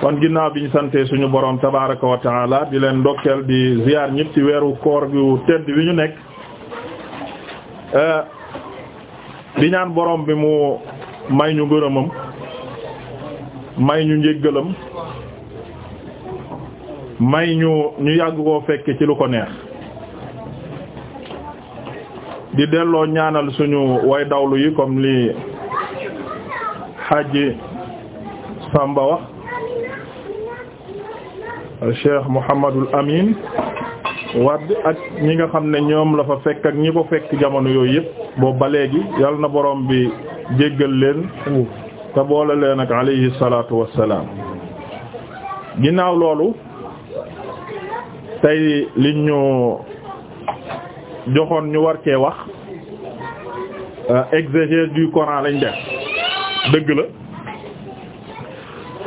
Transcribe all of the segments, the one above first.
kon ginnaaw bi ñu sante suñu borom tabaraka wa taala di leen ndokkeel di ziar ñëpp ci weeru koor gu tedd wi ñu nekk eh, di ñaan boroom bi mu may ñu ngërëmam may ñu njéggalam may ñu ñu yàgg koo fekk ci lu ko neex di delloo ñaanal suñu way dawlu yi comme li xaaji Samba wax Cheikh Mouhamadul Amin Wade ak ñi nga xam ne ñoom la fa fekk ak ñi ko fekk jamono yooyu yëpp boobu ba léegi yal na borom bi jéggal leen te boole leen ak alayhi salaatu wassalaam ginnaaw loolu tey li ñu joxoon ñu war wax euh, exégèse du Coran lañ def dëgg la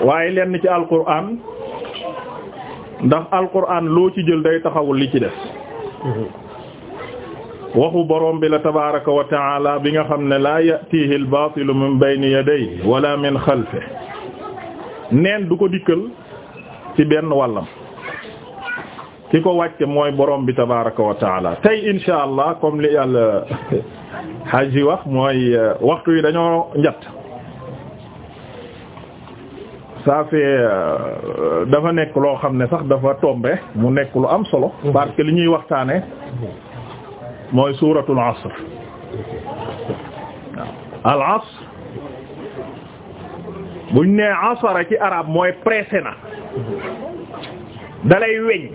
waaye lenn ci alquran ndax alquran loo ci jël day taxawul li ci def waxu borom bi la tabaraka wa taala bi nga xam ne laa yatihi al baatilu min bayni yadayhi wala min xalfe neen du ko dikkal ci benn wàllam ki ko wàcce mooy borom bi tabaraka wa taala tey insha allah comme li al haji wax mooy euh, waxtu yi dañoo njat ça fait euh, dafa nekk loo xam ne sax dafa tombé mu nekk lu am solo mhm. parce li ñuy waxtaane mooy suuratul asr al asr buñ nee asara ci arab mooy pressé na dalay weñ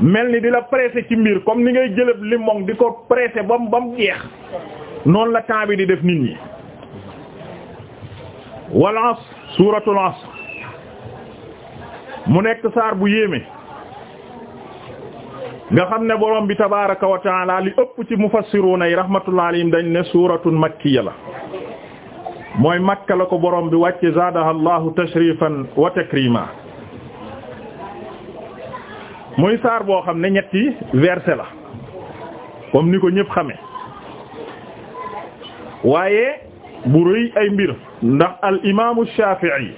mel ni dina la pressé ci mbir comme ni ngay jëlëb limon di ko pressé ba mu jeex noonu la temps di def nit ñi wal asr suuratul asr mu nekk saar bu yéeme nga xam ne borom bi tabaaraka wa taala li ëpp ci mufassiruuna yi rahmatullahi alayhim dañ ne suuratul makkiya la mooy makka la ko borom bi wàcce zaadaha allahu tashrifan wa takrima muy saar boo xam ne ñetti verset la comme ni ko ñëpp xame waaye bu rëy ay mbir ndax al imaamu Shaafi'i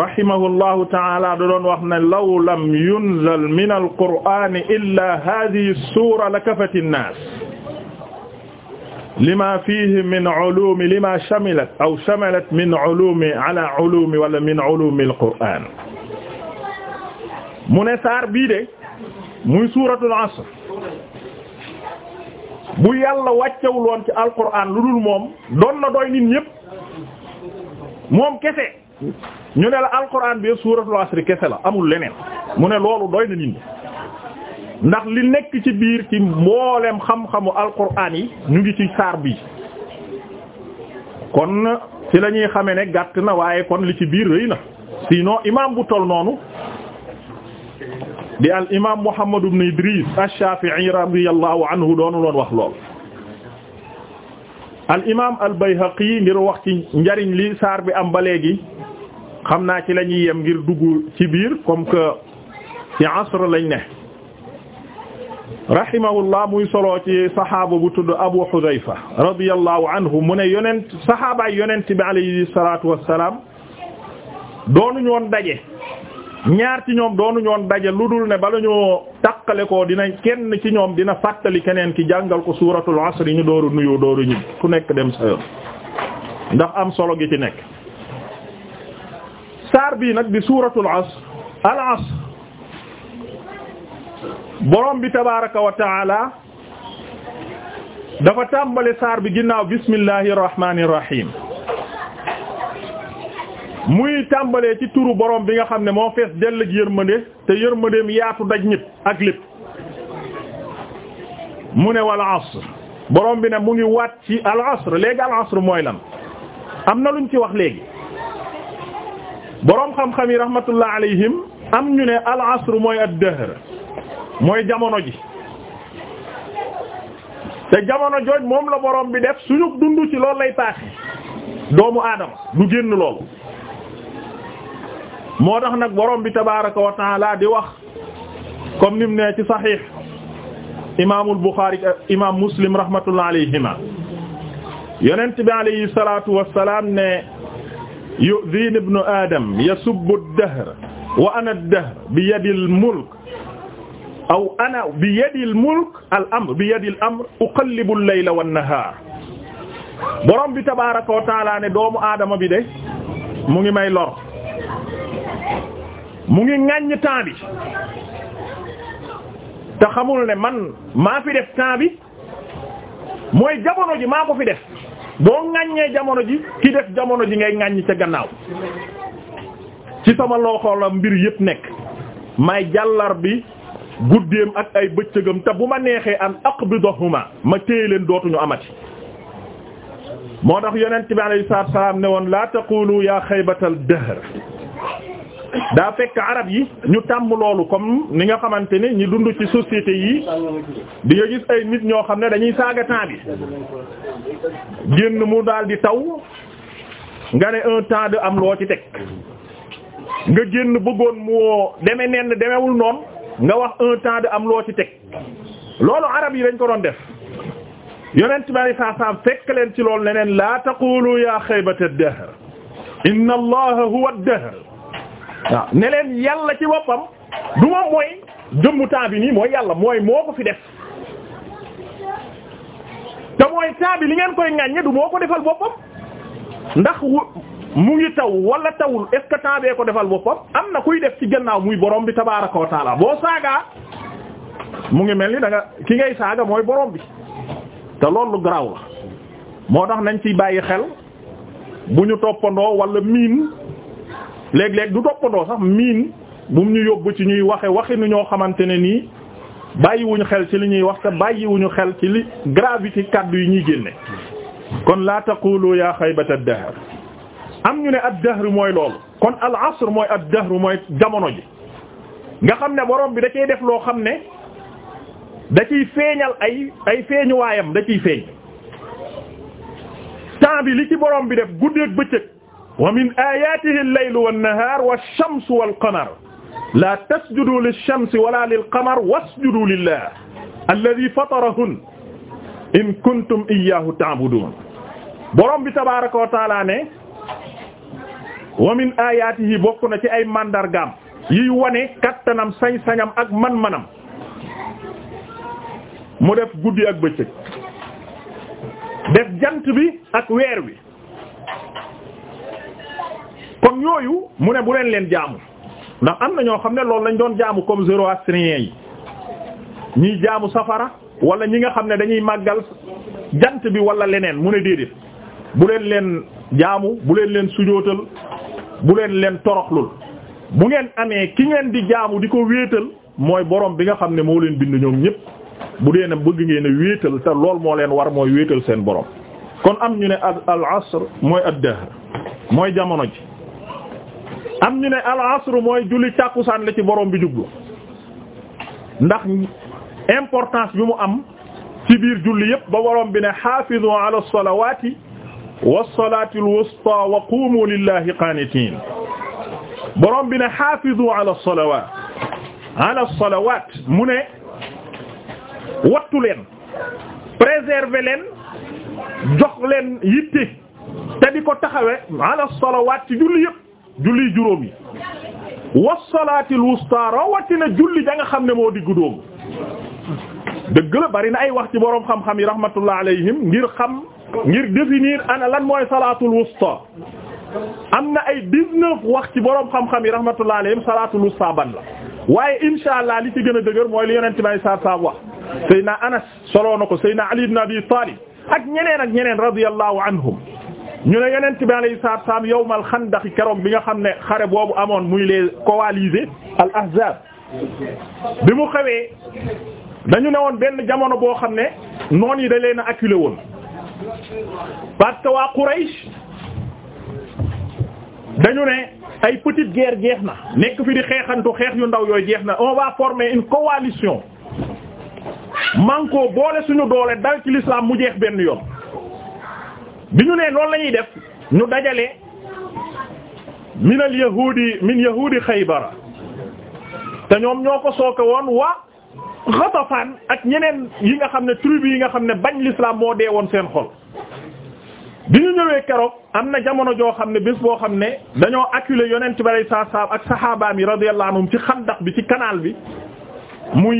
rahimahullahu ta'ala da doon wax ne law lam yunzal min al qur'ani illa hadhihi suura lakafati an-naas lima fihi min ulumi lima shamilat aw shamalat min ulumi ala ulumi wala min ulumi al qur'an mu ne saar bii de muy suuratul asr bu yàlla wàccewuloon ci alquran lu dul moom doon na doy nit ñépp moom kese ñu ne la alquran bi suuratul asri kese la amul leneen mu ne loolu doy na nit ndax li nekk ci biir ci mbooleem xam-xamu alquran yi ñu ngi ci saar bii kon ci la ñuy xamee ne gàtt na waaye kon li ci biir rëy na sinon imaam bu toll noonu di al imaam Muhammad ibn Idris ash-Shafi'i radiyallahu loon wax lool. al imaam al ngir wax ci njariñ li saar bi am ba léegi xam naa ci lañuy ñuy yem ngir dugg ci biir comme que ci asr lañ ne. rahimahullah muy solo ci saxaaba bu tudd Abu Hudayfa radiyallahu anhu mu ne yonent saxaabaay yonent bi alayhi salaatu wa salaam doonuñu woon daje. ñaar ci ñoom doonu ñoon daje lu dul ne bala ñoo takkale ko dina kenn ci ñoom dina fàttali keneen ki jàngal ko suuratul asr yi ñu dooru nuyoo dooru ñib ku nekk dem sa ndax am solo gi ci nekk saar bii nag di suuratul asr al asr borom bi tabaaraka wa taala dafa tàmbali saar bi ginnaaw bismillahir rahmanir rahim muy tàmbalee ci turu borom bi nga xam ne moo fees dell ak yërmande te yërmandeem yaatu daj ñëpp ak lépp mu ne walla asr borom bi ne mu ngi waat ci al asr léegi al asr mooy lan am na lu ñu ci wax léegi boroom xam-xam yi rahmatullah alayhim am ñu ne al asr mooy ad mooy jamono ji te jamono jooj moom la borom bi def suñu dund ci loolu lay paase doomu aadama du génn lool moo tax nag borom bi tabaaraka wa taala di wax comme ni mu nee ci saxiix imaamul Buxaari imaam Muslim rahmatullah alayhima yonent bi alayhi salaatu wa salaam ne yu'dhiini ibnu aadam yasubbu ad-dahr wa ana ad-dahr bi yadil mulk aw ana bi yadil mulk al amr bi yadil amr uqallibu al-layla wan-nahaar borom bi tabaaraka wa taala ne doomu aadama bi de mu ngi may lor. mu ngi ŋàññ temps bi te xamul ne man maa fi def temps bi mooy jamono ji maa ko fi def boo ŋàññee jamono ji ki def jamono ji ngay ŋàññ ca gannaaw ci sama loxo la mbir yépp nekk may jàllar bi guddeem ak ay bëccëgam te bu ma neexee an aqbidahuma ma téye leen dootuñu amati moo tax yonent bi alayhi salaatu salaam ne woon laa taqulu yaa xaybatal dahr daa fekk arab yi ñu tàmm loolu comme ni nga xamante ne ñi dund ci société yi di nga gis ay nit ñoo xam ne dañuy saaga temps bi génn mu daal di taw nga ne un temps de am loo ci teg nga génn bëggoon mu deme nenn demewul noonu nga wax un temps de am loo ci teg loolu arab yi dañ ko doon def yonent bari saa saam fekk leen ci loolu leneen la taqulu ya xaybata ad-dahr inna allaha huwa ad-dahr waaw neleen yàlla ci boppam du moom mooy jëmmu temps bi nii mooy yàlla mooy moo ko fi def te mooy temps bi li ngeen koy ŋàññe du moo ko defal boppam ndax mu ngi taw wala tawul est ce bee ko defal boppam am na kuy def ci gannaaw muy borom bi tabaaraka wa boo saagaa mu ngi mel ni da ki ngay saaga mooy borom bi te loolu garaaw la moo tax nañ ciy bàyyi xel bu ñu toppandoo wala miin. léeg-léeg du toppandoo sax miin bu mu ñu yóbbu ci ñuy waxe waxinu ñoo xamante ne nii bàyyiwuñu xel ci li ñuy wax te bàyyiwuñu xel ci li gravité kàddu yi ñuy génne kon laa taqulu yaa xaybata ad-dahr am ñu ne ab dahr mooy loolu kon al-asr mooy ad-dahr mooy jamono ji nga xam ne borom bi da def loo xam ne da feeñal ay ay feeñuwaayam da ciy feeñ temps bi li ci borom bi def guddeeg bëccëg wa min ayatihi al-laylu wan-nahaaru wash wal-qamar laa tasjudu lish-shamsi wala lil-qamar wasjudu lillahi alladhi fatarahunna in kuntum iyyahu ta'budun borom bi tabaaraka wa ne wa min ayatihi bokk na ci ay mandargaam yiy wane kattanam sañ ak man-manam mu def guddi ak bëccëg def jant bi ak weer wi kon yooyu mu ne bu leen leen jaamu ndax am na ñoo xam ne loolu lañ doon jaamu comme zoroastriens yi ñuy jaamu safara wala ñi nga xam ne dañuy màggal jant bi wala leneen mu ne déedéet bu leen leen jaamu bu leen leen sujootal bu leen leen toroxlul bu ngeen amee ki ngeen di jaamu di ko wéetal mooy borom bi nga xam ne moo leen bind ñoom ñépp bu dee ne bëgg ngeen a wéetal te lool moo leen war mooy wéetal seen borom kon am ñu ne al asr mooy ad-dahr jamono ji am ñu ne al asr mooy julli tàkkusaan la ci borom bi jublu ndax importance bi mu am ci biir julli yépp ba borom bi ne hafizu ala salawati wassalati alwusta wa qumu lillahi qanitin borom bi ne hafizu ala salawat ala salawat mu ne wattu leen préserver leen jox leen yitte te di ko taxawe ala salawat ci julli yépp julli juróom yi wasalaatil wusta rawatina julli da nga xam ne moo diggu dóomu dëgg la bari na ay wax ci boroom xam-xam yi rahmatullah alayhim ngir xam ngir définir ana lan mooy salaatul wusta am na ay dix-neuf wax ci boroom xam-xam yi rahmatullah alayhim salaatul wusta ban la waaye insha allah li ci gën a dëgër mooy li yonente may sar saab wax Seydina Anas solo na ko Seydina Ali ibn Abi Talib ak ñeneen ak ñeneen radiyallahu anhum ñu ne yeneen yonent bi alayhi salaatu salaam yawmal xandaq keroog bi nga xam ne xare boobu amoon muy lee coalisés al ahzab bi mu xewee dañu ne woon benn jamono boo xam ne noon yi da leen a acculé woon parce que waa Quraysh dañu ne ay petite guerre jeex na nekk fi di xeexantu xeex yu ndaw yooyu jeex na on va former une coalition man ko boole suñu doole dal ci l'islam mu jeex benn yoon bi ñu nee loolu lañuy def ñu dajale min al yahudi min yahudi xaybara te ñoom ñoo ko sooke woon waa Ghatafan ak ñeneen yi nga xam ne tribu yi nga xam ne bañ l'islam moo dee woon seen xol bi ñu ñëwee keroog am na jamono joo xam ne bés boo xam ne dañoo acculé yonent bi alayhi salaatu salaam ak saxaabaam yi radiyallahu anhum ci xandax bi ci kanaal bi muy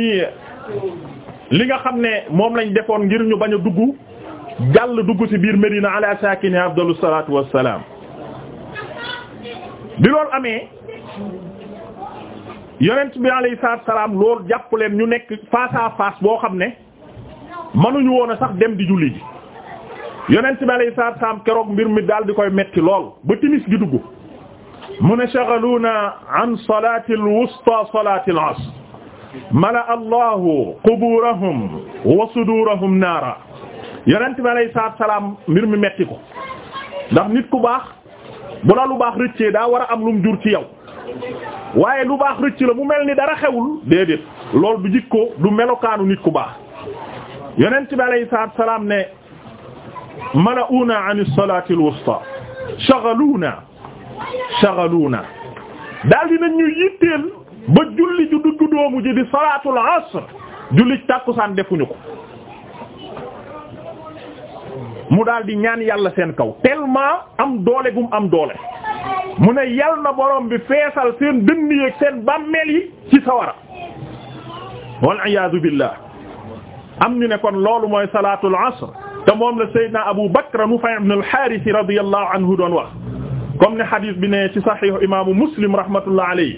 li nga xam ne moom lañ defoon ngir ñu bañ a dugg jàll dugg ci biir Medina ala saakini afdalu salaatu wassalaam bi loolu amee yonent bi alayhi salaam loolu jàpp ñu nekk face à boo xam ne mënuñu woon sax dem di julli ji yonent bi alayhi salaam keroog mbir mi daal di koy metti lool ba timis gi dugg mu ne shaghaluuna an salaati al-wusta al-asr mala allahu quburahum wa sudurahum naara yonent bi alayhi salaatu salaam mbir mi metti ko ndax nit ku baax bu la lu baax rëccee daa war a am lu mu jur ci yow waaye lu baax rëcc la mu mel ni dara xewul déedéet loolu du jikko du melokaanu nit ku baax yonent bi alayhi salaatu ne mala'una an as-salati al-wusta shaghaluna shaghaluna daal dina ñu yitteel ba julli ju dugg ji di salaatul asr julli tàkkusaan defuñu ko mu daal di ñaan yàlla seen kaw tellement am doole gum am doole mu ne yal na borom bi feesal seen dënn yeeg seen bàmmeel yi ci sawara wal iyaadu billah am ñu ne kon loolu mooy salaatul asr te moom la Seydina Abu Bakr Nufay ibn al-Harith radiyallahu anhu doon wax comme ne hadith bi ne ci sahih imaamu Muslim rahmatullah alayhi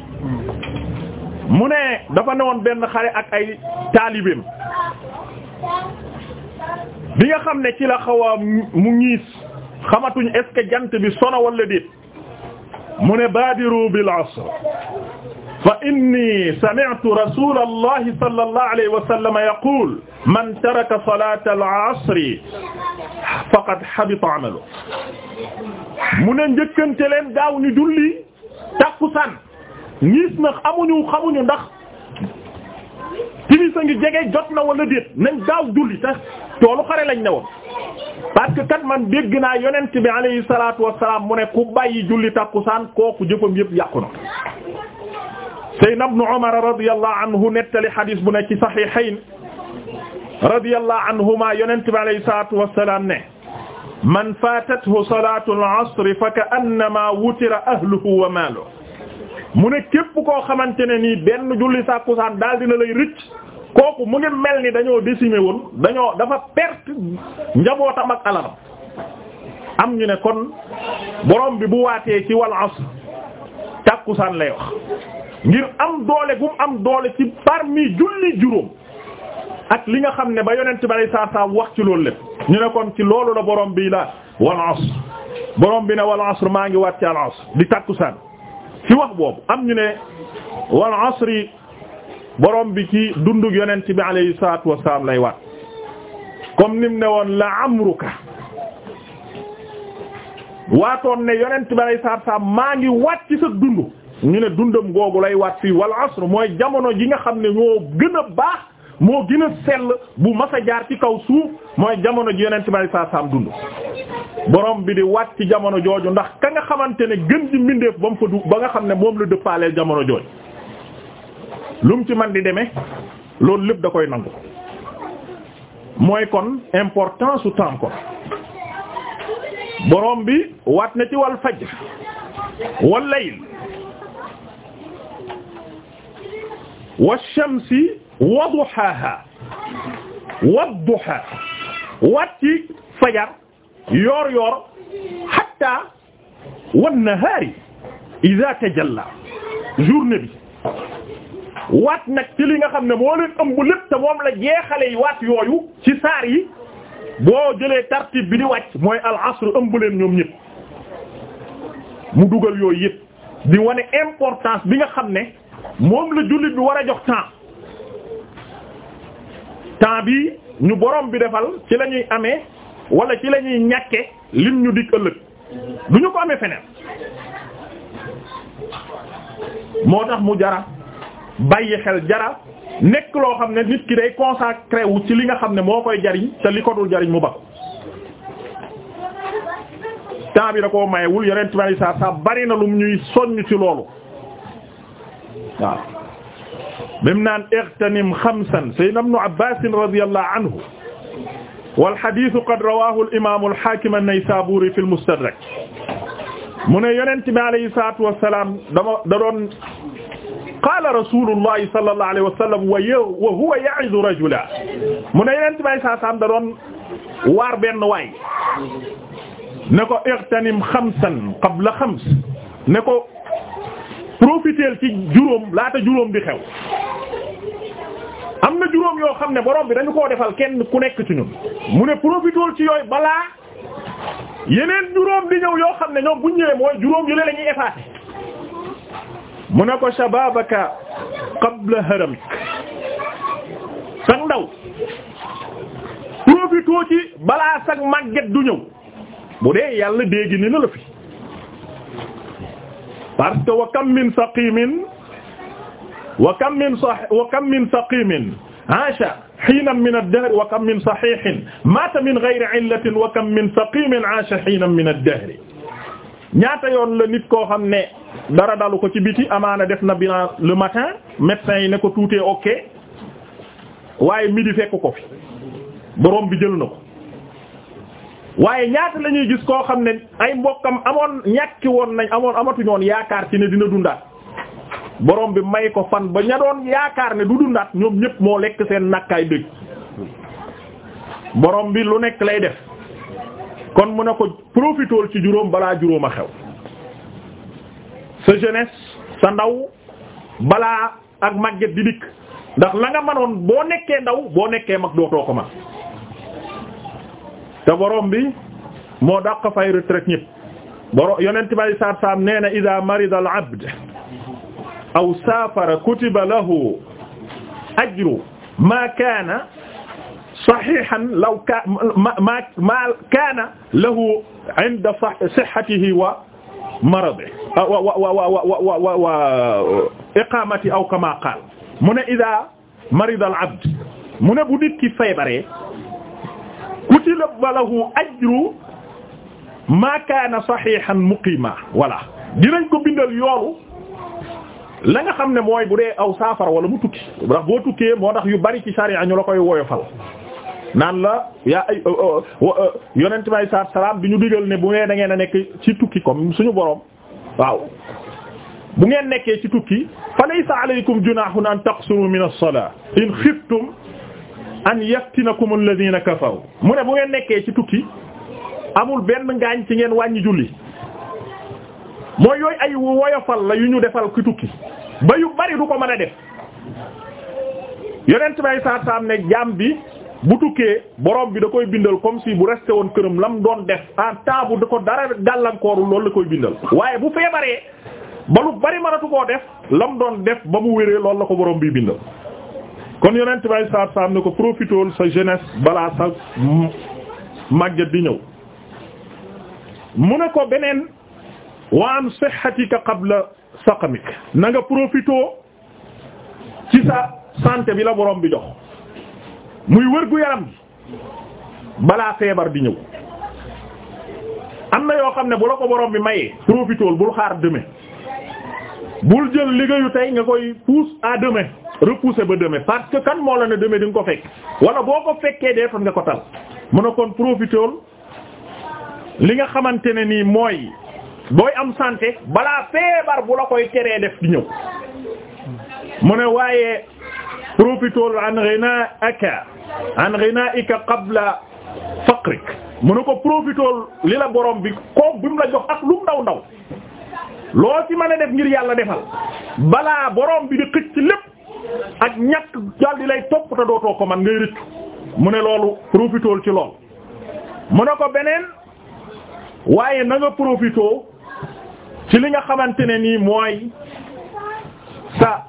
mu ne dafa newoon benn xare ak ay taalibeem bi nga xam ne ci la xaw a mu ñiis xamatuñ est ce que jant bi sono wala déet mu ne badiru bil asr fa inni sami'tu rasulallahi sallallahu alayhi wa sallam yaqul man taraka salata al asri faqad habita amalu mu ne njëkkante leen gaaw ñu julli takkusaan ñiis na amuñu xamuñu ndax timis a ngi jot na wala déet nañ gaaw julli tax toolu xare lañ ne woon parce que kat man dégg naa yonent bi alayhi salaatu wassalaam mu ne ku bàyyi julli tàkkusaan kooku jëfam yëpp yàqu na Seydina Ibnu Umar radiyallahu anhu nettali xadiis bu ne ci saxiixayn radiyallahu anhuma yonent bi alayhi salaatu wassalaam ne man faatathu salaatu al-asri fa ka'annama wutira ahluhu wa maaluhu mu ne képp koo xamante ne nii benn julli sàkkusaan daal dina lay rëcc kooku mu ngi mel ni dañoo décimer woon dañoo dafa perte njabootam ak alalam am ñu ne kon borom bi bu waatee ci wal asr tàkkusaan lay wax ngir am doole gum am doole ci parmi julli juróom ak li nga xam ne ba yonent bari saa saa wax ci loolu lépp ñu ne ci loolu la borom bi la wal borom bi ne wal asr maa ngi waat ci al di tàkkusaan ci wax boobu am ñu ne wal asri borom bi ci dundug yonent bi alayhi salaatu wassalaam lay waat comme nim ne woon la amruka waatoon ne yonent bi alayhi salaatu wassalaam maa ngi waat ci sa dund ñu ne dundam googu lay waat fii wal asr mooy jamono ji nga xam ne ñoo gën a baax moo gën a sell bu mas a jaar ci kaw suuf mooy jamono ji yonent bi saa saam dund borom bi di wat ci jamono jooju ndax ka nga xamante ne gën di mbindeef ba mu fa du ba nga xam ne moom la dëppaaleel jamono jooju lu mu ci man di demee loolu lépp da koy nangu mooy kon importance su temps kon borom bi waat na ci wal fajr wal layl wa wa duhaaha wa duha waat ci fajar yoor yoor hatta wan nahaari idha tajalla journée bi waat nag ci li nga xam ne moo leen ëmb moom la jeexale yi waat yooyu ci saar yi boo jëlee tartib bi di wàcc mooy al asr ambuleen leen ñoom ñëpp mu dugal yooyu yëpp di wane importance bi nga xam ne moom la jullit bi war a jox temps temps bi ñu boroom bi defal ci lañuy ñuy amee wala ci lañuy ñuy ñàkke lim ñu dikk ëllëg du ñu ko amee feneen moo tax mu jara bàyyi xel jara nekk loo xam ne nit ki day consacré wu ci li nga xam ne moo koy jariñ te li ko dul jariñ mu ba temps bi da koo mayewul yeneen tubaab yi sax sax bari na lum ñuy soññ ci loolu waaw. bim naan ightanim xamsan sayyidina ibnu Abbaas radiyallahu anhu wal hadiisu qad rawaahu al-imaam al-Haakim an-Naysaabuuri fi al-Mustadrak mu ne yonent bi alayhi salaatu wa salaam dama da doon qaala rasuulullahi sallallahu alayhi wa sallam wa huwa ya'izu rajulan mu ne yonent bi alayhi salaam da doon waar benn waay ne ko ightanim xamsan qabla xams ne ko profiteel ci juróom laata juróom di xew am na juróom yoo xam ne boroom bi dañu koo defal kenn ku nekk ci ñun mu ne profitool ci yooyu balaa yeneen juróom di ñëw yoo xam ne ñoom bu ñëwee mooy juróom yu la ñuy effacé mu ne ko shababaka qabla haramik sag ndaw profitoo ci balaa sag màgget du ñëw bu dee yàlla dégg ni na la fi parce wa kam min saqimin wa kam min sah wa kam min saqimin aasha hiinan min ad-dahr wa kam min sahihin maata min ghayri aasha hiinan min ad-dahr ñaata yoon la nit koo xam ne dara dalu ko ci biti amaana def na bilan le matin médecin yi ne ko tuutee ok waaye midi fekk ko fi borom bi jël na ko waaye ñaata lañuy gis koo xam ne ay mbokkam amoon ñàkki woon nañ amoon amatuñoon yaakaar ci ne dina dundaa borom bi may ko fan ba ña doon yaakaar ne du dundaat ñoom ñëpp moo lekk seen nakkaay dëj borom bi lu nekk lay def kon mu ne ko profitool ci juróom balaa juróom a xew sa jeunesse sa ndaw balaa ak màgget di dikk ndax la nga manoon boo nekkee ndaw boo nekkee mag dootoo ko man te borom bi moo dàq fay retraite ñëpp borom yonent bay saat saam nee na ida marida al abd aw saafara kutiba lahu ajru maa kaana saxiixan law ka ma ma maa kaana lahu inda sihhatihi wa maradihi wa wa wa wa wa iqaamati aw kamaa qaal mu ne idaa marida al abd mu ne bu nit ki feebaree kutiba lahu ajru maa kaana saxiixan muqiima voilà dinañ ko bindal yoolu la nga xam ne mooy bu dee aw saafara wala mu tukki boo tukkee moo tax yu bari ci a ñu la koy woyofal naan la yaa ay euh, euh, euh, yonent bi saa salaam bi ñu digal ne bu ngeen da ngeen a nekk ci tukki comme suñu borom waaw bu ngeen nekkee ci tukki fa laysa alaykum junahun an taqsuru min as-salat in khiftum an yaftinakum alladhina kafaru mu ne bu ngeen nekkee ci tukki amul benn ngaañ ci ngeen wàññi julli mooy yooyu ay woyofal la yu ñu defal ki tukki ba yu bari du ko man a def yonent bay saat saam ne jaam bi bu tukkee borom bi da koy bindal comme si bu resté woon këram mu doon def en temps bu da ko dara gàllankooru loolu la koy bindal waaye bu feebaree ba lu bari mënatu koo def lam doon def ba mu wéree loolu la ko borom bi bindal kon yonent bay saat saam ne ko profitool sa jeunesse balaa sa màgget di ñëw mu ne ko beneen wa an sihhatika qabla saqamik na nga profité ci sa santé bi la borom bi jox muy wërgu yaram gi balaa feebar di ñëw am na yoo xam ne bu la ko borom bi mayee profitool bul xaar demain bul jël liggéeyu tey nga koy pousse à demain repousser ba demain parce que kan moo la ne demain di nga ko fekk wala boo ko fekkee dee toon nga ko tal mun a kon profitool li nga xamante ne nii mooy booy am santé balaa feebar bu la koy teree def di ñëw mu ne waaye profitool an ghinaaka an ghinaika qabla faqrik mu ne ko profitool li la borom bi koog bi mu la jox ak lu ndaw ndaw loo ci mën a def ngir yàlla defal balaa borom bi di xëcc lépp ak ñàkk daal di lay topp te dootoo ko man ngay rëccu mu ne loolu profitool ci lool mu ne ko beneen waaye na profitoo ci li nga xamante ne nii mooy sa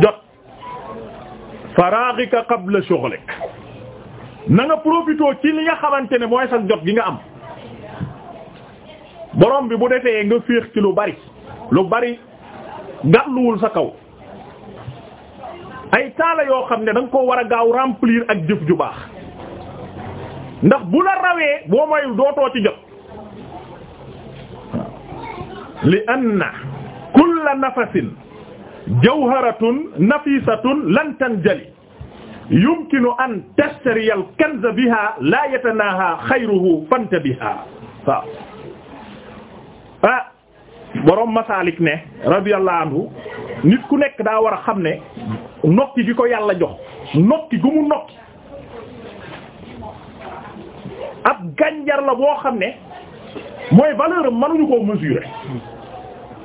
jot faraghika qabla la na nanga profiter ci li nga xamante ne mooy sax jot gi nga am borom bi bu defee nga féex ci lu bari lu bari gàlluwul sa kaw ay taala yoo xam ne da ko war a gaaw remplir ak jëf ju baax ndax bu la rawee boo mooy dootoo ci jot li anna kulla nafasin jawharatun nafisatun lan tanjali yumkinu an tastari al kanz biha la yatanaha xayruhu fantabiha waaw ah borom masaalik ne radiyallahu anhu nit ku nekk daa war a xam ne nokki gi ko yàlla jox nokki gu mu nokki ab gànjar la boo xam ne mooy valeur am mënuñu koo mesurer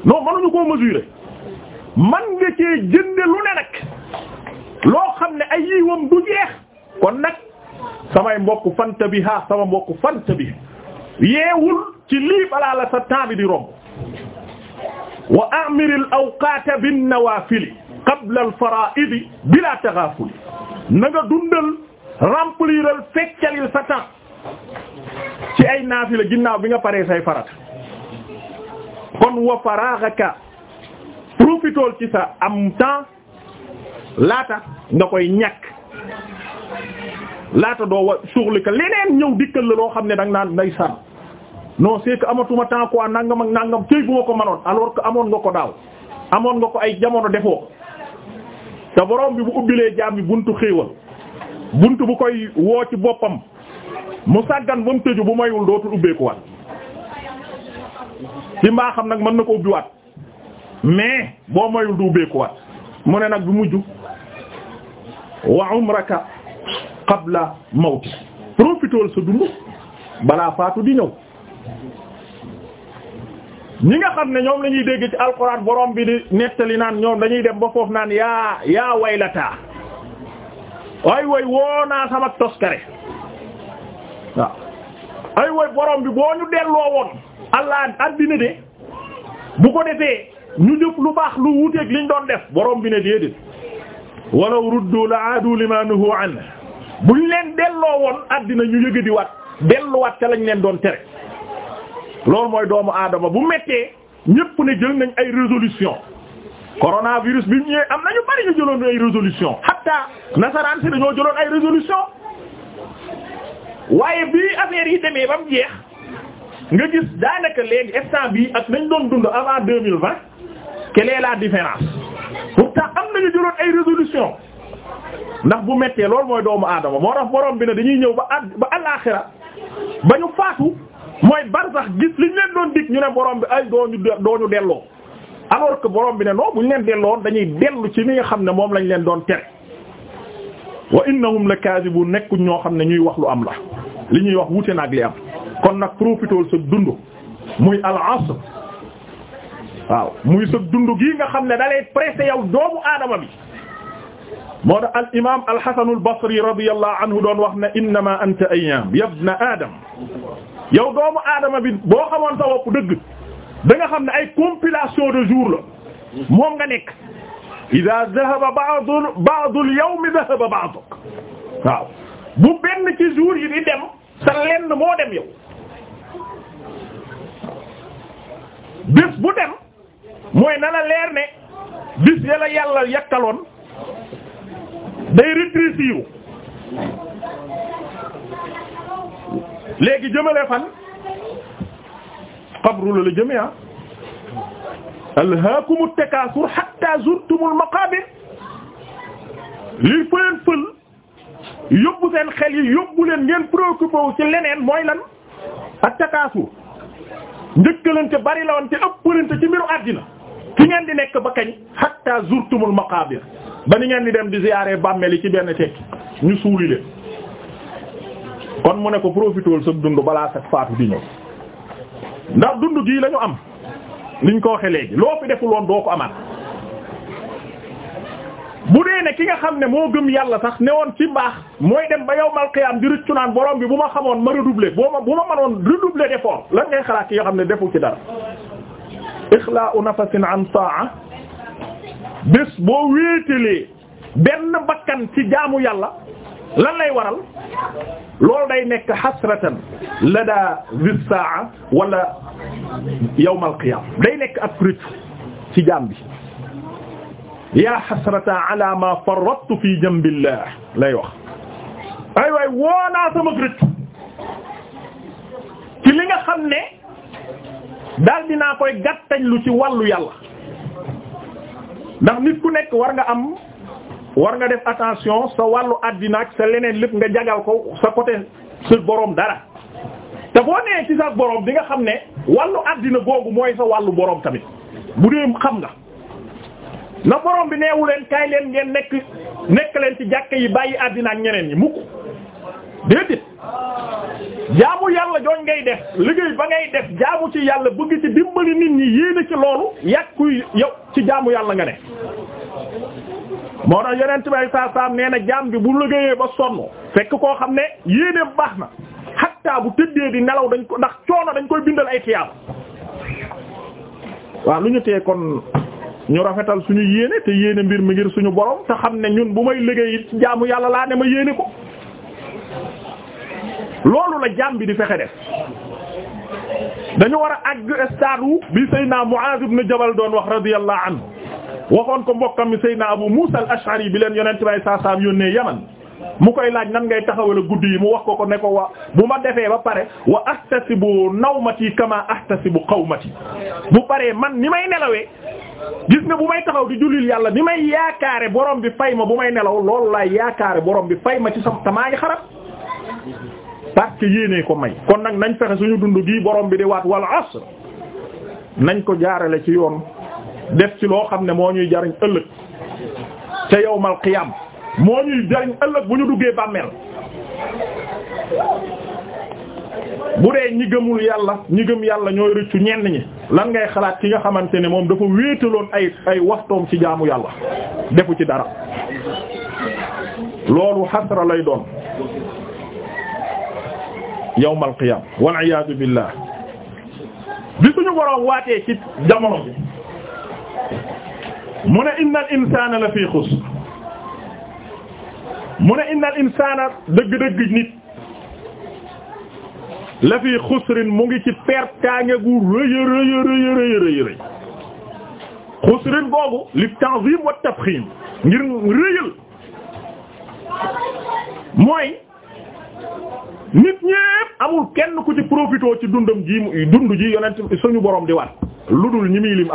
non mënuñu koo mesurer man nga cee jënde lu ne nag loo xam ne ay yiwam du jeex kon nag samay mbokk fanta bi ha sama mbokk fanta bi yeewul ci lii balaa la sa temps bi di romb wa amiril awqaata bin nawaafili qabla al faraa'idi bila taghaful na nga dundal rempliral feccal sa temps ci ay la ginnaaw bi nga paree say farat kon wa faraghaka profitool ci sa am temps laata nga koy ñàkk laata doo wa suxlika leneen ñëw dikkal la loo xam ne dang naan nday sànn non amatuma temps quoi nangam ak nangam cëy bu nga ko manoon alors que amoon nga ko daaw amoon nga ko ay jamono defoo te borom bi bu ubbilee jaam bi buntu xéewal bunt bu koy woo ci boppam mu sàggan ba mu tëju bu mayul dootul ubbeekuwaat ci mbaaxam nag mën na ko ubbiwaat mais boo mayul du ubbeekuwaat mu ne nag bu mujj wa umraka qabla mawti profitool sa dund balaa faatu di ñëw ñi nga xam ne ñoom lañuy dégg ci alxuraan borom bi di nettali naan ñoom dañuy dem ba foofu naan yaa yaa waylataa ay way woo naa sama toskare waaw ay woy borom bi boo ñu delloo woon allah addina de bu ko defee ñu jëf lu baax lu wuuteeg liñ doon def borom bi ne déedéet walaw ruddu la aadu lima buñ leen delloo woon addina ñu yëga di wat delluwaat ca lañ leen doon tere loolu mooy doomu aadama bu mettee ñépp ne jël nañ ay résolution coronavirus bi ñëwee am na ñu bari ñu jëloon ay résolution hatta nasaraan si dañoo jëloon ay résolution waaye bii affaire yi demee ba mu jeex nga gis daanaka léegi instant bii ak nañ doon dund avant deux mille vingt quelle est la différence pourtant am nañu jëloon ay résolution ndax bu mettee loolu mooy doomu aadama moo tax borom bi ne dañuy ñëw ba àdd ba àllaaxira ba ñu faatu mooy barsax gis liñ leen doon dig ñu ne borom bi ay doo dooñu dooñu delloo alors que borom bi na non bu ñu leen delloon dañuy dellu ci li nga xam ne moom lañu leen doon tere wa innahum lakaazibun nekkuñ ñoo xam ne ñuy wax lu am la li ñuy wax wute nag li kon nag profitool sa dund muy al asr waaw muy sa dund gii nga xam ne da lay pressé yow doomu aadama bi moo tax al imaam al hasan al basri radiyallahu anhu doon wax ne innama anta ayyam yabna adam yow doomu aadama bi boo xamoon sa bopp dëgg da xam ne ay compilation de jour la moom nga nekk ida dahaba ba'du ba'du al-yawm dahaba ba'duk waaw bu benn ci jour yi di dem sa lenn moo dem yow bis bu dem mooy na la leer ne bis yàlla yàlla yàkkaloon day rétrécir léegi jëmale fan xabru la la jëme ah alhaakumu takaasur hatta zurtumul maqaabir li fëleen fël yóbbu seen xel yi yóbbu leen ngeen préoccupé wu ci leneen mooy lan ak takaasur njëkkalante bari la woon te ëppalante ci mbiru àddina fi ngeen di nekk ba kañ hatta zurtumul maqaabir ba ni ngeen di dem di ziyaare bàmmeel yi ci benn tekki ñu suuli leen kon mu ne ko profitool sa dund balaa sa faatu di ñëw ndax dund gii lañu am liñ ko waxee léegi loo fi defuloon doo ko amaat bu dee ne ki nga xam ne moo gëm yàlla sax ne woon ci mbaax mooy dem ba yawmal qiyaam di rëccu naan borom bi bu ma xamoon ma redoubler boo ma bu ma mënoon redoubler d'effort lan ngay xalaat ki nga xam ne defu ci dara ixlaa'u nafasin an ta'a bés boo wéetalee benn bakkan ci jaamu yàlla lan lay waral loolu day nekk xasratan lada vis saa wala yawmal qiyaam day nekk ak rëccu ci jaam bi yaa xasrata ala ma farattu fi jambillah lay wax ay waay woonaa sama rëccu ci li nga xam ne daal dinaa koy gàttañ lu ci wàllu yàlla ndax nit ku nekk war nga am war nga def attention sa wàllu àddina sa leneen lépp nga jagal ko sa côté sa borom dara te boo nee ci sa borom di nga xam ne wàllu àddina googu mooy sa wàllu boroom tamit bu dee xam nga na borom bi neewu leen kaay leen ngeen nekk nekk leen ci jàkke yi bàyyi àddina ak ñeneen ñi mukk déedéet jaamu yàlla jooñ ngay def liggéey ba ngay def jaamu ci yàlla bëgg ci dimbali nit ñi yéene ci loolu yàgg kuy yow ci jàmmu yàlla nga ne moo tax yonent bay saa saa nee na jaam bi bu liggéeyee ba sonn fekk koo xam ne yéeneem baax na hatta bu tëddee di nelaw dañ ko ndax coono dañ koy bindal ay tiyaaba waaw lu ñu tee kon ñu rafetal suñu yéene te yéene mbir mi ngir suñu borom te xam ne ñun bu may liggéey it jaamu yàlla laa ne ma yéene ko loolu la jaam bi di fexe def dañu war a àgg stade bi naa mu Mu'adh ibn Jabal doon wax radiyallahu anhu waxoon ko mbokkam mi Seydina Abu Musa al-Ash'ari bi leen yonent bay saa saam yónnee Yaman mu koy laaj nan ngay taxawal guddi yi mu wax ko ko ne wa bu ma defee ba pare wa ahtasibu nawmati kama ahtasibu qawmati bu bu paree man ni may nelawee gis nga bu may taxaw di jullil yàlla ni may yaakaare borom bi fay ma bu may nelaw loolu laay yaakaare borom bi fay ma ci sam tamaa yi xarab parce que yéenee ko may kon nag nañ fexe suñu dund gii borom bi di waat wal ko jaarale ci yoon def ci loo xam ne moo ñuy jariñ ëllëg ca yawmal qiyaam moo ñuy jariñ ëllëg bu ñu duggee bàmmeel bu dee ñi gëmul yàlla ñi gëm yàlla ñooy rëccu ñenn ñi lan ngay xalaat ci nga xamante ni moom dafa wéetaloon ay ay waxtoom ci jaamu yàlla defu ci dara loolu xasra lay doon yawmal qiyaam wal iyaadu billaah bi suñu boroom waatee ci jamono mu ne innal insaana la fii xus mu ne innal insaana dëgg-dëgg nit la fii xusrin mu ngi ci pertaange gu rëy a rëy a rëy rëy xusrin boobu li ta'zim wa tafxim ngir rëyal mooy nit ñépp amul kenn ku ci profité ci dundam ji dund ji yonent suñu borom di wat lu dul ñi muy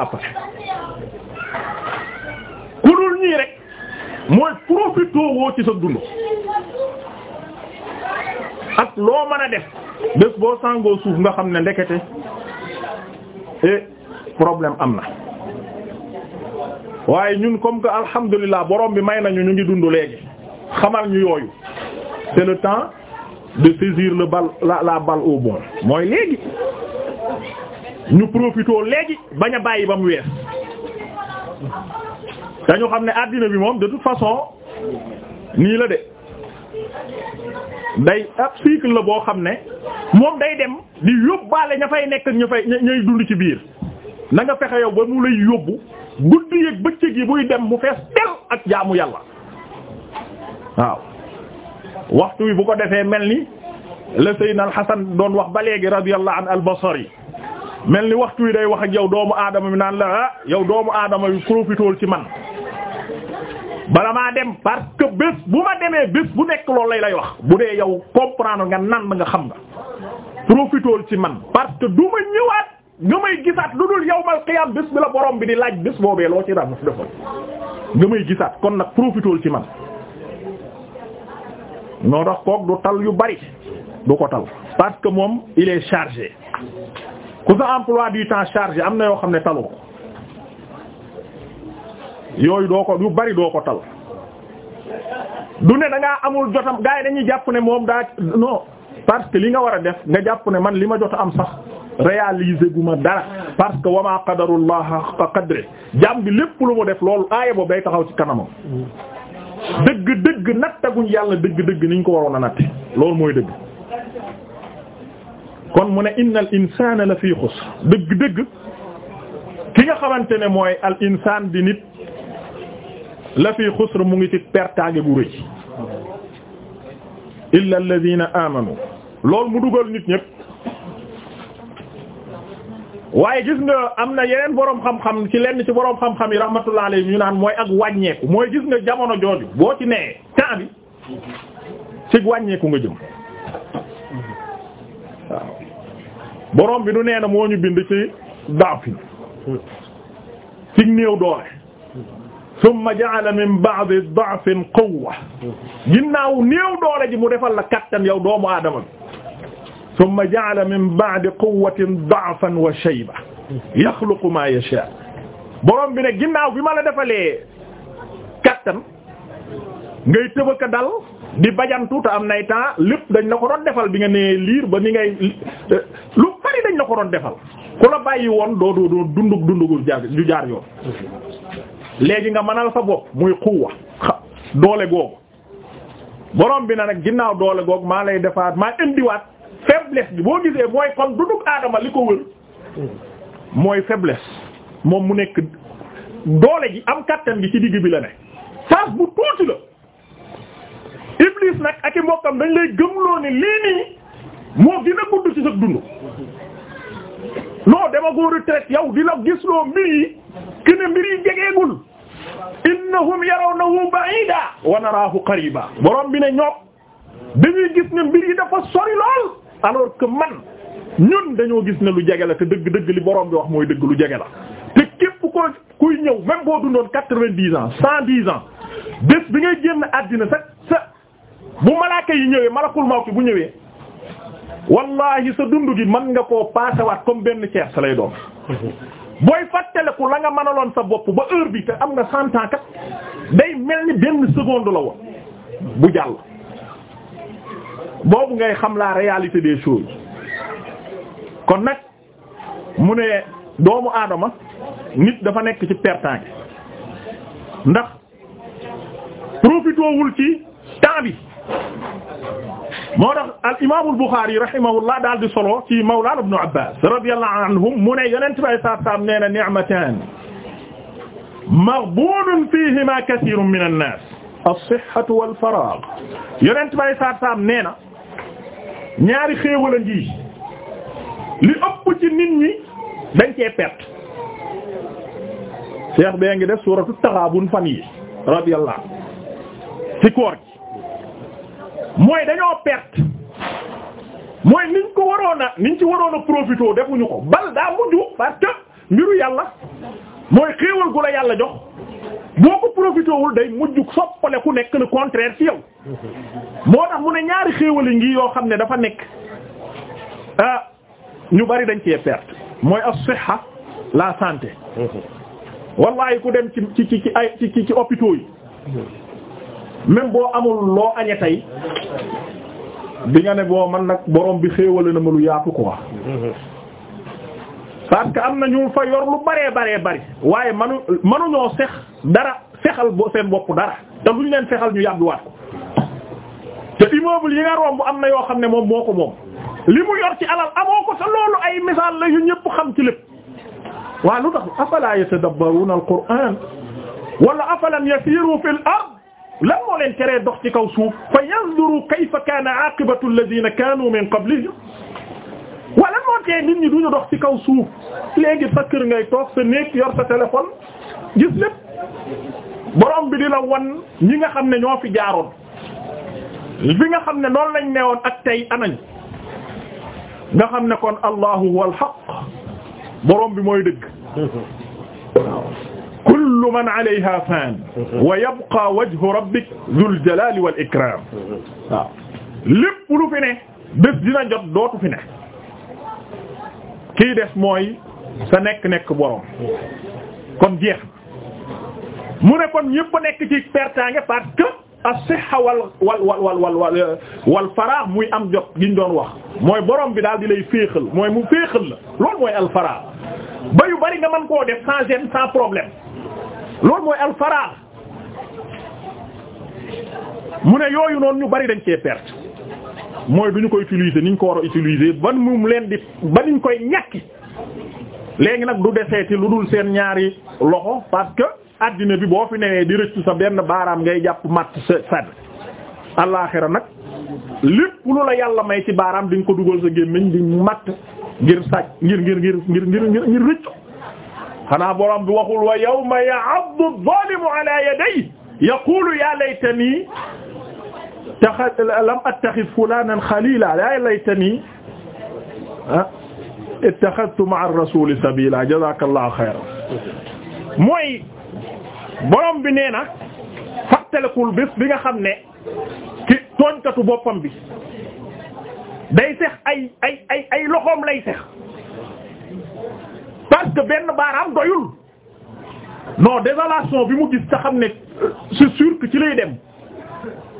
nii rek mooy profité woo ci sa dund ak loo mën a def bés boo sàngoo suuf nga xam ne ndekete et eh, problème am na waaye ñun comme que alhamdulilah borom bi may nañu ñu ngi dund léegi xamal ñu yooyu c'est le temps de saisir le bal la la balle au bon mooy léegi ñu profité léegi bañ a bàyyi ba mu wees dañu xam ne àddina bi moom de toute façon nii la de day ab cycle la boo xam ne moom day dem di yóbbaale ña fay nekk ña fay ñay dund ci biir na nga fexe yow ba mu lay yóbbu guddi yeeg bëccëg yi buy dem mu fees del ak jaamu yàlla waaw waxtu wi bu ko defee mel ni la Seydina Al Hasan doon wax ba léegi radiyallahu an al Basri mel ni waxtu wi day wax ak yow doomu aadama bi naan la ah yow doomu aadama bi profitool ci man bala maa dem parce que bés bu ma demee bés bu nekk loolu lay lay wax bu dee yow comprendre nga nan nga xam nga profitool ci man parce que du ma ñëwaat nga may gisaat lu dul yawmal qiyaam bés bi la borom bi di laaj bés boobee loo ci ràmm defal nga may gisaat kon nag profitool ci man noo tax kook du tal yu bari du ko tal parce que moom il est chargé ku sa emploi du temps chargé am na yoo xam ne talu ko yooyu doo ko yu bari doo ko tal du ne dangaa amul jotam gaa yi dañuy jàpp ne moom daa non parce que li nga war a def nga jàpp ne man li ma jot am sax réaliser gu ma dara parce que wama qadarullah haqqa qadri jàmm bi lépp lu mu def loolu aaya boobu day taxaw ci kanamam dëgg dëgg nattaguñ yàlla dëgg dëgg niñ ko waroon a natte loolu mooy dëgg kon mu ne innal insana la fii xusr dëgg dëgg ki nga xamante ne mooy al insaan di nit la fii xusr mu ngi ci pertaange gu rëcc illa alladhina amanu loolu mu dugal nit ñépp waaye gis nga am na yeneen boroom xam-xam ci lenn ci boroom xam-xam yi rahmatullah alayhi ñu naan mooy ak wàññeeku mooy gis nga jamono jooju boo ci nee temps bi wàññeeku nga jëm boroom bi du nee na moo ñu bind ci daafin ci néew doole thumma ja'ala min ba'di da'fin quwwa ginnaaw néew doole ji mu defal la kattan yow doomu aadama bi thumma ja'ala min ba'di quwwatin da'fan wa shayba yaxluqu ma yasha borom bi ne ginnaaw bi ma la defalee kattan ngay tëbaka dal di bajantu te am nay temps lépp dañ la ko doon defal bi nga nee liir ba ni ngay lu bari dañ la ko doon defal ku la bàyyi woon doo doo doo dundug dundugul jaar ju jaar yoon léegi nga mënal sa bopp muy xuwa doole googu borom bi na rek ginnaaw doole googu maa lay defaat maa indiwaat faiblesse bi boo gisee mooy kon dundu aadama li ko wër mooy faiblesse moom mu nekk doole ji am kattan gi ci digg bi la ne saas bu tuuti la iblis nag ak i mbokkam dañ lay gëmloo ni lii nii moo gën a gudd ci sa dund non dama ko retraite yow di la gisloo mbir yi kene mbir yi jegeegul innahum yarawnahu ba'ida wa naraahu qariba borom bi ne ñoom dañuy gis ne mbir yi dafa sori lool alors que man ñun dañoo gis ne lu jege la te dëgg-dëgg li borom bi wax mooy dëgg lu jege la te képp ko kuy ñëw même boo dundoon quatre-vingt-dix ans cent dix ans bés bi ngay génn àddina sa sa bu malaaka yi ñëwee malakul mawti bu ñëwee wallahi sa dund gi man nga ko koo waat comme benn ceeb sa lay doon booy fàttaleku la nga mënaloon sa bopp ba heure bi te am nga cent ans day mel ni benn seconde la woon bu jàll boobu ngay xam laa réalité des choses kon nag mu ne doomu aadama nit dafa nekk ci pertange ndax profitowul ci temps bi moo tax al imaamul Buxaari rahimahullah daal di solo ci mawlaana ibnu Abbaas radiyallahu anhum mu ne yonent bi sallallahu alayhi wa sallam nee na ni'mataan maghbuunun fiihimaa kasiirun mina nnaas as-sihhatu wal faraagh yonent bi sallallahu alayhi wa sallam nee na ñaari xéewal a ngi li ëpp ci nit ñi dañ cee perte. Cheikh bee ngi def suuratu Taghaabun fan yi radiyallahu ci koor gi mooy dañoo perte mooy niñ ko waroon a niñ ci waroon a profité defuñu ko bal daa mujj parce que yàlla mooy xéewal gu la yàlla jox boo ko profité wul day mujj soppale ku nekk le contraire ci yow moo tax mu ne ñaari xéewal yi ngi yoo xam ne dafa nekk ah ñu bari dañ cee perte mooy as-sihha la santé mm-hmm. wallahi ku dem ci ci ci ay ci ci hôpitaux yi même boo amul loo añe tey di nga ne boo man nag borom bi xéewale na ma lu yaatu quoi parce que am na ñu fa yor lu bëree bëree bëri waaye manu manuñoo sex dara fexal bo seen bopp dara te lu ñu leen fexal ñu yàbbiwaat ko te immeuble yi nga romb am na yoo xam ne moom moo ko moom li mu yor ci alal amoo ko te loolu ay misaal la yu ñëpp xam ci lépp waaw lu tax afala yatadabbaruna al-Qur'an wala afalam yasiru fil ard lan moo leen dox ci kaw suuf fa yanzuru kayfa kaana aqibatu alladhina kaanu min qablihim wala moo tee nit ñi duñu dox ci kaw suuf léegi sa ngay toog sa néeg yor sa téléphone gis lépp borom bi di la wan ñi nga xam ne ñoo fi jaaroon fi nga xam ne noonu lañ newoon ak tey anañ nga xam ne kon allahu huwa alhaq borom bi mooy dëgg kullu man alayha fan wa yabqa wajhu rabbik dhul jalali wal ikram waaw lépp lu fi ne bés dina jot dootu fi ne kii des mooy sa nekk-nekk borom kon jeex mu ne kon ñépp a nekk ci pertange parce que as-sihha wal wal wal wal wal wal faraax muy am jot giñ doon wax mooy borom bi daal di lay féexal mooy mu féexal la loolu mooy al faraax ba yu bari nga mën koo def sans gêne sans problème loolu mooy alfaraax mu ne yooyu noonu ñu bari dañ cee perte mooy du ñu ko utiliser niñ ko war a utiliser ban mum leen di ba niñ koy ñàkki léegi nag du deseeti lu dul seen ñaari loxo parce que addina bi boo fi newee di rëccu sa benn baaraam ngay jàpp matt sa sadd alaaxira nag lépp lu la yàlla may ci baaraam di nga ko dugal sa gémmiñ di matt ngir sàcc ngir ngir ngir ngir ngir ngir rëccu xanaa borom bi waxul wa yawma ya'addu adh-dhalimu ala yadayhi yaqulu ya laytani lam attakhidh fulanan khalila ya laytani ah, ittakhadhtu ma'a ar-rasuli sabila jazakallahu khayran mooy borom bi nee na fàttalikul bés bi nga xam ne ci tooñkatu boppam bi day sex ay ay ay ay loxoom lay sex parce que benn baaraam doyul non désolation bi mu gis ta xam ne c'est sûr ci lay dem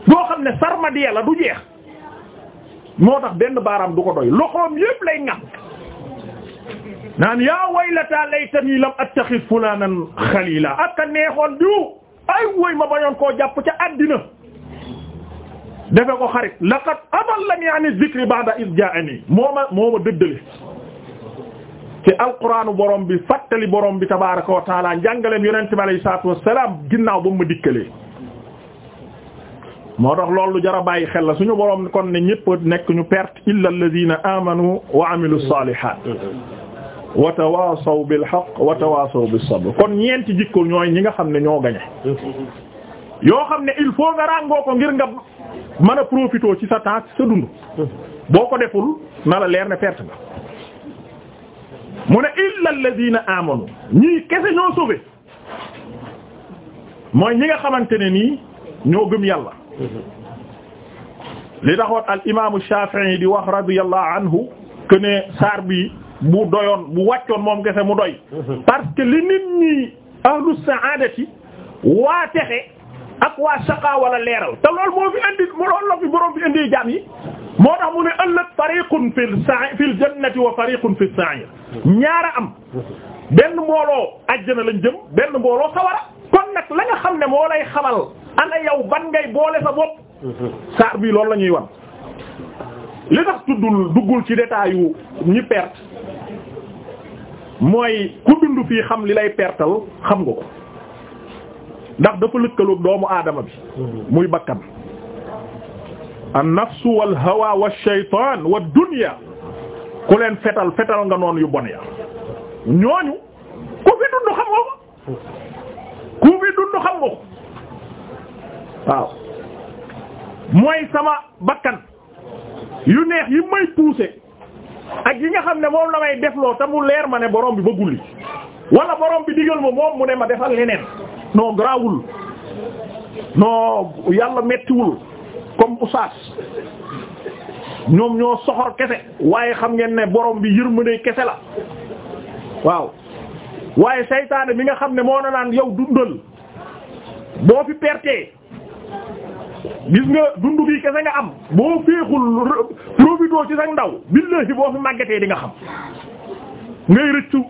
boo xam ne sarmadiya la du jeex moo tax benn baaraam du ko doy loxoom yépp lay ngam naan yaa waylata laytani lam attaxid fulanan xalila aka neexoon diw ay woy ma bañoon koo jàpp ca àddina defe ko xarit laqad adallani an zikri ba'da iz ja'ani moo ma moo ma dëddale ci alquranu borom bi fàttali borom bi tabaraka wa taala njàngaleem yonente bi alayhi salaatu wassalaam ginnaaw ba mu ma dikkalee moo tax loolu jara bàyyi xel la suñu borom kon ne ñëpp nekk ñu perte illa alladina amanu wa amilu salihat wa tawasaw bil haqq wa tawasaw bis sabr kon ñeenti jikko ñooy ñi nga xam ne ñoo gañe yoo xam ne il faut nga ràngoo ko ngir nga man a profiter ci sa temps ci sa dund boo ko deful na la leer ne perte nga mu ne illa alladhina amanu ñii kese ñoo sauvé mooy ñi nga xamante ne nii ñoo gëm yàlla li taxoon al imaamu Shafi'i di wax radiyallahu anhu que ne saar bi bu doyoon bu wàccoon moom kese mu doy mm-hmm. parce que li nit ñi ahlu sa'adati waa texe ak waa saqa wala leeral te lool moo fi indi loolu la fi borom fi indi jaam yi moo tax mu ne ëllëg fariqun fil sa'i fil jannati wa fariqun fis sa'ir ñaara am benn mbooloo ajjana lañ jëm benn mbooloo sawara la nga xam ne moo lay xamal yow ban ngay boole sa bopp saar bii loolu lañuy ñuy wan li tax tuddul duggul ci détail yu ñi perte mooy ku dund fii xam li lay pertal xam nga ko ndax dafa lëkkaloog doomu aadama bi muy bakkan an nafsu wal hawa wa shaytan wa dunya ku leen fetal fetal nga noonu yu bon ya ñooñu ku fi dund xam nga ko ku fi dund xam nga ko waaw mooy sama bakkan yu neex yi may pousser ak yi nga xam ne moom la may defloo te mu leer ma ne borom bi ba li wala borom bi digal ma moom mu ne ma defal leneen non garaawul non yàlla mettiwul comme oustaz ñoom ñoo soxor kese waaye xam ngeen ne borom bi yërmande kese la waaw waaye saytaane bi nga xam ne moo na naan yow dundal boo fi pertee gis nga dund bi kese nga am boo féexul profitoo ci sax ndaw billahi boo fi màggetee di nga xam ngay rëccu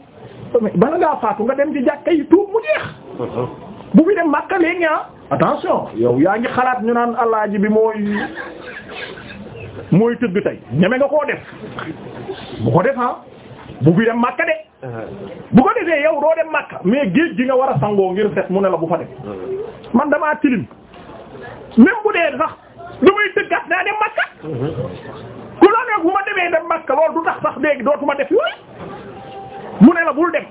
bala ngaa faatu nga dem ci jàkka yi tuub mu jeex bu fi dem Makka léegi ah attention yow yaa ngi xalaat ñu naan alaaji bi mooy mooy tëgg tey ñeme nga koo def bu ko def ah. bu fi dem Makka de uh-huh. bu ko defee yow doo dem Makka mais géej gi nga war a sangoo ngir set mu ne la bu fa dem uh-huh. man damaa tilim même bu dee sax damay tëggat naa dem Makka uh-huh. ku la nekk bu ma demee dem Makka loolu du tax sax léegi dootuma def yooyu mu ne la bul dem.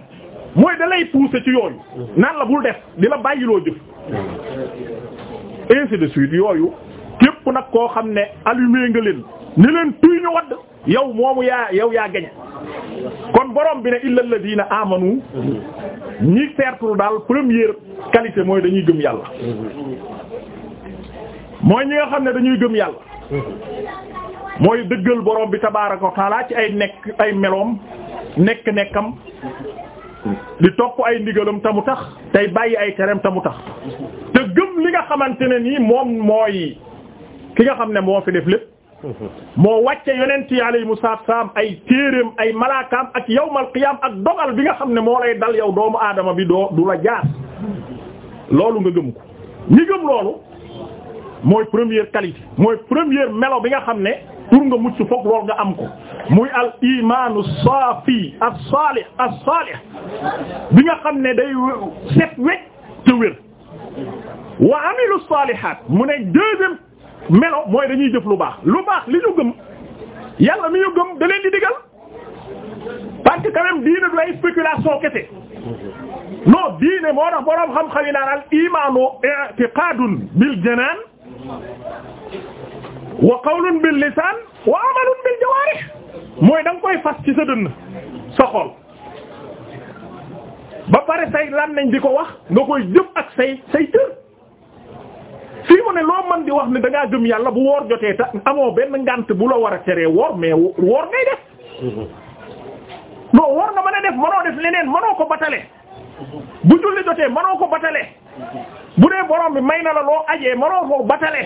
mooy da lay ci yooyu naan la bul def di la bàyyiloo jëf ainsi de suite yooyu képp nag koo xam ne allumé nga leen ne leen tuy ñu wadd yow moomu yaa yow yaa gañe kon borom bi ne la diina amanu ñi seertulu daal première qualité mooy dañuy gëm yàlla mooy ñi nga xam ne dañuy gëm yàlla mooy dëggal borom bi tabaaraka ko taala ci ay nekk ay meloom nekk nekkam li topp ay ndigalam tamu tax tey bàyyi ay tereem tamu tax te gëm li nga xamante ne nii moom mooy ki nga xam ne moo fi def lépp moo wàcce yonent yi alayhimu salaam ay téereem ay malaakaam ak yawmal qiyaam ak dogal bi nga xam ne moo lay dal yow doomu aadama bi doo du la jaar loolu nga gëm ko ñi gëm loolu mooy première qualité mooy première melo bi nga xam ne pour nga mucc foog lool nga am ko muy al imaanu saafi as-saalih as-saalih bi nga xam ne day set wecc te wér wa amilu saalihaat mu ne deuxième melo mooy dañuy jëf lu baax lu baax li ñu gëm yàlla mi ñu gëm da leen di parce que quand même diine du ay spéculation kese non diine moo tax boroom xam-xam yi naan al imaanu i'tiqaadun bil janaan wa qawlun bil lisaan wa amalun bil jawaarih mooy da koy fas ci sa dënn sa xol ba pare say lan nañ di ko wax nga koy jëf ak say say cër fii mu ne loo man di wax ni da ngaa gëm yàlla bu woor jotee ta amoo benn ngànt bu la war a ceree woor mais woor ngay def non woor nga mën a def mënoo def leneen mënoo ko batale bu julli jotee mënoo ko batale bu dee borom bi may na la loo ajee mënoo ko batale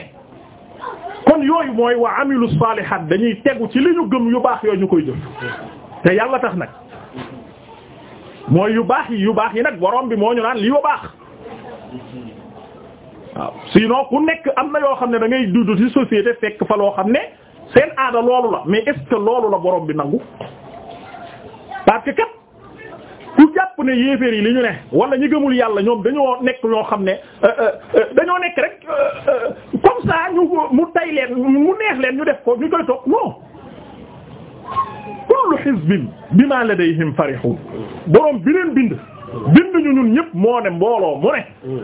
kon yooyu mooy waa amilu saalihaat dañuy tegu ci li ñu gëm yu baax yooyu ñu koy jëf te yàlla tax nag mooy yu baax yi yu baax yi nag borom bi moo ñu naan lii wa baax waaw sinon ku nekk am na yoo xam ne dangay ngay dudd ci société fekk fa loo xam ne seen aada loolu la mais est loolu la borom bi nangu parce kat ku jàpp ne yéeféer yi li ñu ne wala ñi gëmul yàlla ñoom dañoo nekk ñoo xam ne euh, euh, euh, dañoo nekk rek comme ça ñu mu tay leen mu neex leen ñu def ko ñu koy toog non kullu la day ladayhim farihun boroom bi leen bind bind ñu ñun ñëpp moo ne mbooloo mu ne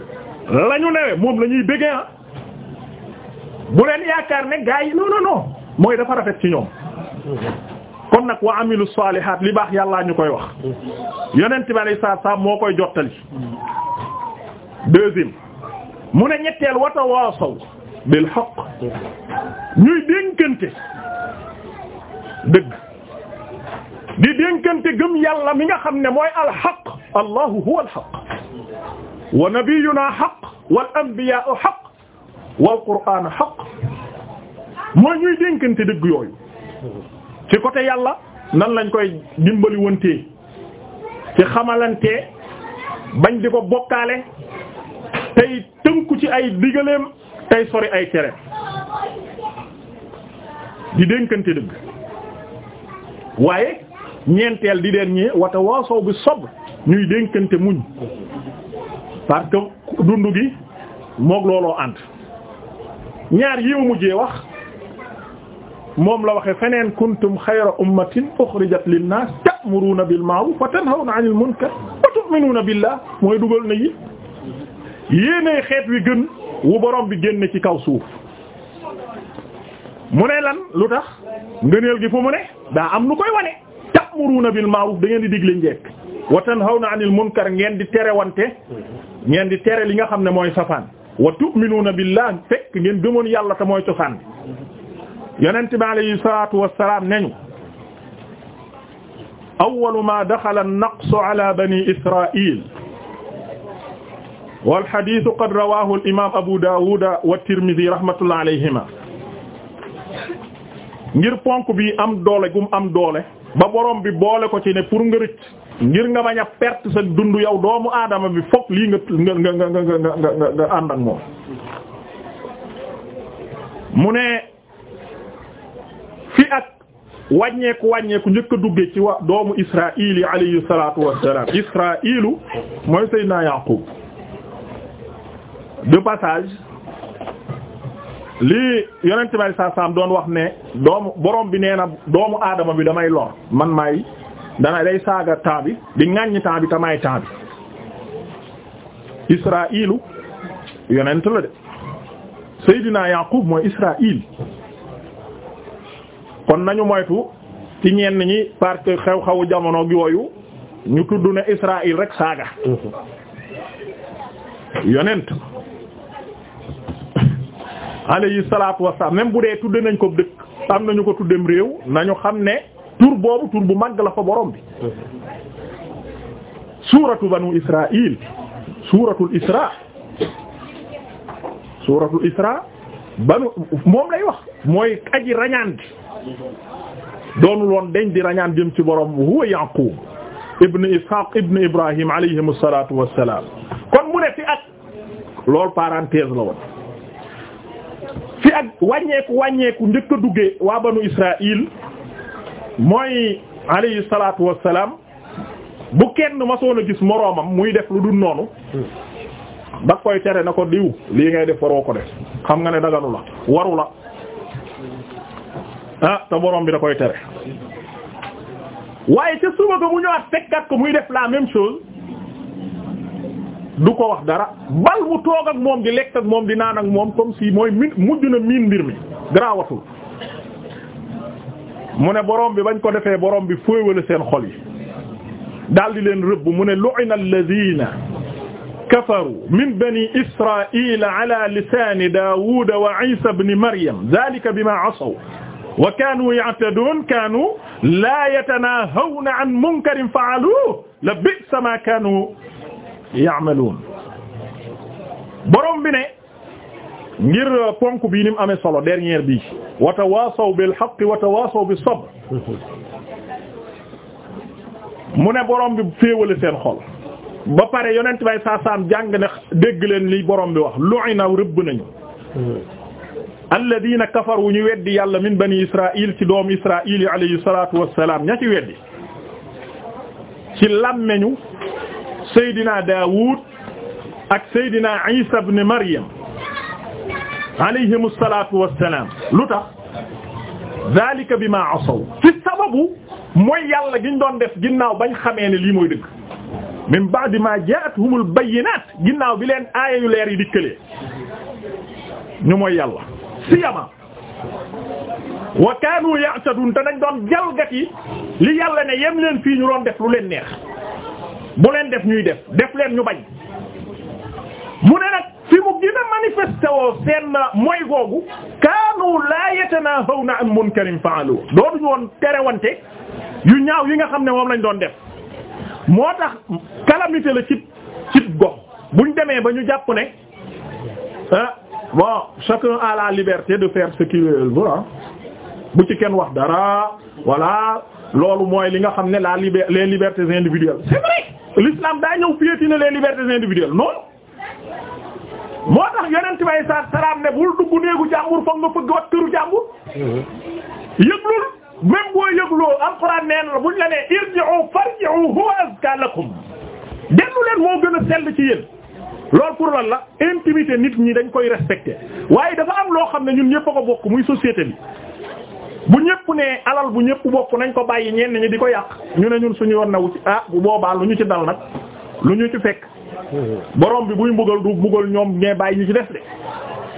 la ñu moom la ñuy bëggee ah. bu leen yaakaar ne gaa yi non non mooy dafa rafet ci ñoom kon nag wa amilu saalihaat li baax yàllaa ñu koy wax yonent bi alayhi salaam moo koy jottali deuxième mu ne ñetteel wa tawaasaw bil haqq ñuy dénkante dëgg di dénkante gëm yàlla mi nga xam ne mooy al haqq allahu huwa al haqq wa nabiyyuna haqq wal anbiyaa'u haqq wal qur'aanu haqq mooy ñuy dénkante dëgg yooyu ci côté yàlla nan lañ koy dimbali wantee ci xamalante bañ di ko bokkaale tey tënku ci ay digaleem tey sori ay tere di dénkante dëgg waaye ñeenteel di deen ñi wata waasow bi sob ñuy dénkante muñ parce que dund gi moog looloo ànd ñaar yiw mujjee wax moom la waxe feneen kuntum xayra ummatin uxrijat linnaas ta'muruuna bil ma'ruuf wa tanhawna 'anil munkar wa tu'minuuna la mooy dugal na yi yéenay xeet wi gën wu borom bi génn ci kaw suuf mu ne lan lu tax ngëneel gi fu mu ne daa am lu koy wane ta'muruuna bil ma'ruuf da ngeen di digle njekk wa tanhawna 'anil munkar ngeen di tere wante ngeen di tere li nga xam ne mooy safaan wa tu'minuuna billah fekk ngeen gëmoon yàlla te mooy cosaan yonent bi alayhi salaatu wassalaam nañu awwalu maa daxala an-naqsu ala bani israa'il wal hadiisu qad rawaahu al Abu Daawud wa Tirmidhi rahmatullahi alayhima ngir ponk bi am doole gum am doole ba borom bi boole ko ci ne pour nga rëcc ngir nga bañ a sa dund yow doomu aadama bi fokk lii nga nga nga nga nga nga nga moom mu ne fii ak wàññeeku wàññeeku njëkk a duggee ci wa doomu Israaïl yi alayhi salaatu wassalaam Israaïlu mooy Seydina Yaqub de passage li yonent bi saa saam doon wax ne doomu borom bi nee doomu aadama bi damay lor man maay dana day saaga temps bi di temps bi te maay temps bi Israaïlu yonent la de Seydina Yaqub mooy Israaïl kon nañu moytu ci ñenn ñi parce xew-xewu jamono woyu ñu tudd ne Israël rek saaga yonent alayhi salaatu wassalaam même bu dee tudde nañ ko dëkk am nañu ko tuddem réew nañu xam ne tur boobu tur bu mag la fa borom bi suuratu banu Israël suuratul Isra suuratu Isra banu moom lay wax mooy aji rañaan gi doonul woon deñ di rañaan jëm ci borom huwa Yaqub ibn Ishaq ibn Ibrahim alayhimu salaatu wassalaam kon mu ne fi ak loolu parenthèse la woon fi ak wàññeeku wàññeeku njëkk a duggee waa banu Israël mooy alayhi salaatu wassalaam bu kenn masoon a gis moroomam muy def lu dul noonu ba koy tere na ko diw lii ngay def waroo ko def xam nga ne daganu la waru la ah te borom bi da koy tere waaye ca suba ko mu ñëwaat fekkat ko muy def la même du ko wax dara bal mu toog ak moom di lekk ak moom di naan ak moom comme si mooy min mujj na miin mbir mi garaawatul mu ne borom bi bañ ko defee boroom bi féewale seen xol yi daal leen rëbb mu ne lu'ina alladhina kafaru min bani israila ala lisani daawuda wa isa ibn maryam dhalika bima asaw wa kaanu ya'taduun kaanu laa yatanaahawna an munkarin fa'aluuhu la bi'sa maa kaanu ya'maluun borom bi ne ngir ponk bii ni mu amee solo dernière bi wa tawaasaw bil haqqi wa tawaasaw bis sabr mu ne borom bi féewale seen xol ba pare yonent bay saasaam jàng ne dégg leen li borom bi wax lu'ina rëbb nañu alladina kafaru ñu weddi yàlla min bani israil ci doom israil yi alayhi salatu wassalam ña ci weddi ci làmmeñu seydina ak seydina Isa ibn Maryam alayhimu salatu wassalam lu tax zalika bima sababu mooy yàlla giñ doon def ginnaaw bañ xamee ne lii mooy dëgg min ba'di ma jaa'athumul bayyinaat ginnaaw bileen leen yu leer yi dikkalee ñu mooy yàlla siyama wa kaanu ya'tadun te dañ doon yi li yàlla ne yem leen fii ñu doon def lu leen neex bu leen def ñuy def def leen ñu bañ mu ne nag fi mu gën a manifesté woo seen mooy googu kaanu laa yatanaahawna an munkarin fa'alu dooduñu woon terewante yu ñaaw yi nga xam ne moom lañ doon def moo tax calamité la cib cib gox buñ demee ba ñu jàpp ne ah, bon chacun à la liberté de faire ce qu'il veut bu ci kenn wax dara voilà loolu mooy li nga xam ne la liber les libertés individuelles c'est l'islam daa ñëw piétiner les libertés individuelles noonu moo tax yonent bay sa salaam ne bul dugg néegu jàmbur foog nga fëgg wat këru jàmbur yëglul même boo yëgloo alxuraan neen la buñ la nee irji'u farji'u huwa azka lakum dellu leen moo gën a sell ci yéen loolu pour lan la intimité nit ñi dañ koy respecté waaye dafa am loo xam ne ñun ñëpp ko bokk muy société bi bu ñëpp ne alal bu ñëpp bokk nañ ko bàyyi ñenn ñi di ko yàq ñu ne ñun suñu yoon nawu ci ah bu boobaa lu ñu ci dal nag lu ñu ci fekk borom bi buy mbugal du mbugal ñoom ñee bàyyi ñu ci def de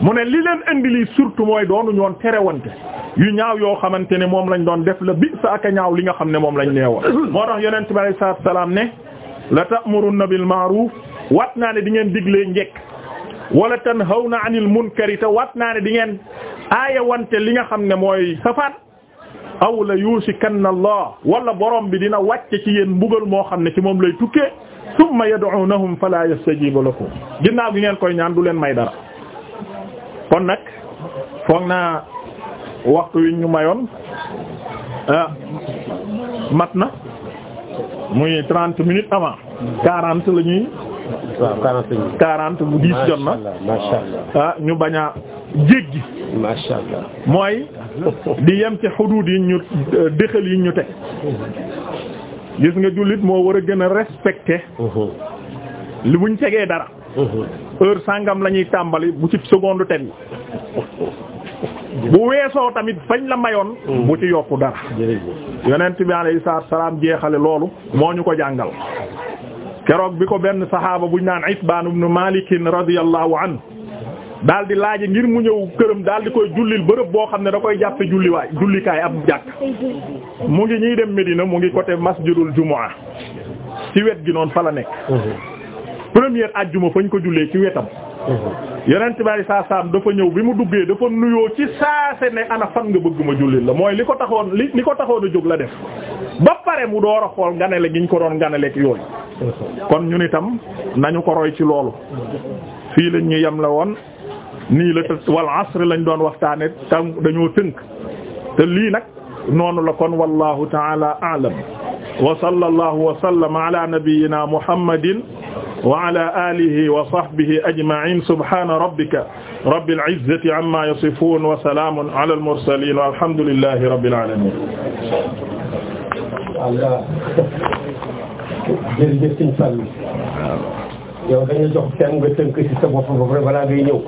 mu ne li leen indi surtout mooy doonu ñoon terewante yu ñaaw yoo xamante ne moom lañ doon def la bi sa ak ñaaw li nga xam ne moom lañ neewoon moo tax yonent bi alayhi salaam ne la ta'muruna bil ma'ruf wat naa ne di ngeen diglee njekk wala na anil munkari te wat naa ne di ngeen aaya wante li nga xam ne mooy safaan aw la yusikanna allah wala borom bi dina wàcce ci yéen mbugal moo xam ne ci moom lay tukkee summa yad'unahum fala yastajibu lakum ginnaaw gi ngeen koy ñaan du leen may dara kon nag foog naa waxtu wi ñu mayoon ah, mat na muy trente minutes avant quarante la ñuy waaw quarante minutes quarante bu diis jot na. Ah, ñu bañ a jéggi. macha mooy di yem ci xuduud yi ñu dëxal yi ñu teg gis nga jullit moo war a gën a respecté. li buñ tegee dara. heure sangam la ñuy tàmbali bu ci seconde teg. bu weesoo tamit fañ la mayoon. bu ci yokku dara. jërëjëf yonent bi alayhi salaam jeexale loolu moo ñu ko jàngal. keroog bi ko benn saxaaba buñ naan Itbaan ibnu Maalikin radiyallahu an daal di laaje ngir mu ñëw këram daal di koy jullil bërëb boo xam ne da koy jàppe julliwaay jullikaay ab jàkk mu ngi ñuy dem Medina mu ngi côté masjidul jumaa ci wet gi noon fa la nekk mhm. première ajjuma fañ ko jullee ci wetam yeneen tubaab saa saam dafa ñëw bi mu duggee dafa nuyoo ci saa ne ana fan nga bëgg jullit la mooy li ko taxoon li li ko taxoon a jóg la def ba pare mu door a xool nganale gi ñu ko doon nganaleeg yooyu. kon ñun itam nañu ko roy ci loolu. fii lañ ñu yem la woon nii la te wal asr lañ doon waxtaanee tam dañoo tënk te lii nag noonu la kon wallahu taala aalam wa sallallahu wa sallama ala nabiyyina muhammadin wa ala alihi wa sahbihi ajma'in subhana rabbika rabbil izzati amma yasifun wa salamun ala al mursalin walhamdulillahi rabbil alamin Allah jërëjëf Sëñ Fall yow dañuy jox kenn nga tënk ci sa bopp ba pare balaa ngay ñëw